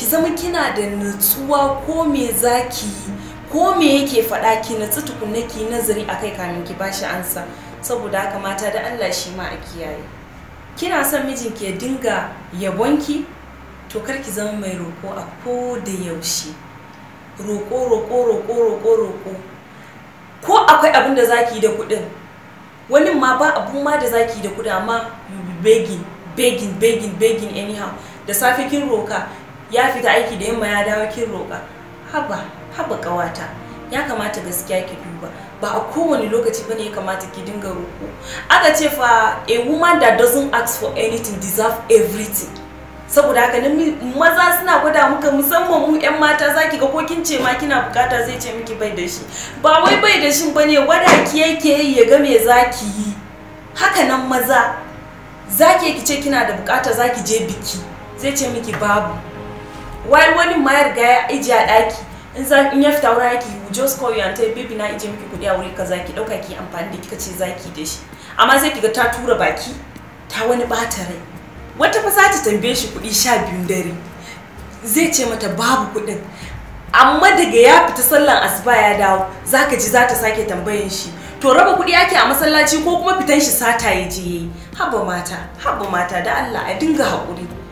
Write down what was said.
ki zama kina da nutsuwa ko me zaki ko me yake faɗa ki natsu tukunna ki nazari akai kamin ki bashi ansa saboda haka mata da Allah shi ma a kiyaye kina son mijinki ya dinga yabonki to kar ki zama mai roko a ko da yaushe roko roko roko roko roko ko akwai abin da zaki yi da kuɗin wani ma ba abun ma da zaki da kuɗin amma begging begging begging anyhow da safe kin roka ya fita aiki da yamma ya dawo kin roƙa haba haba ƙawata ya kamata gaskiya ki duba ba a kowane lokaci bane ya kamata ki dinga roƙo aka ce fa a woman that doesn't ask for anything deserve everything saboda haka nan maza suna gwada muka musamman mu yan mata zaki ga ko kin ce ma kina bukata zai ce miki bai da shi ba wai bai da shi bane wada ki yake yi ya ga me zaki yi haka nan maza zaki ki ce kina da bukata zaki je biki zai ce miki babu while wani ma ya riga ya ije a ɗaki in za in ya fita wurin aiki you just call you and tell baby na ije miki kuɗi a wuri kaza ki ɗauka ki amfani da kika ce zaki da shi amma sai kiga ta tura baki ta wani ɓata rai wata fa za ta tambaye shi kuɗi sha biyun dare zai ce mata babu kuɗin amma daga ya fita sallan asuba ya dawo zaka ji za ta sake tambayan shi to raba kuɗi ake a masallaci ko kuma fitan shi sata ya je haba mata haba mata da Allah a dinga hakuri.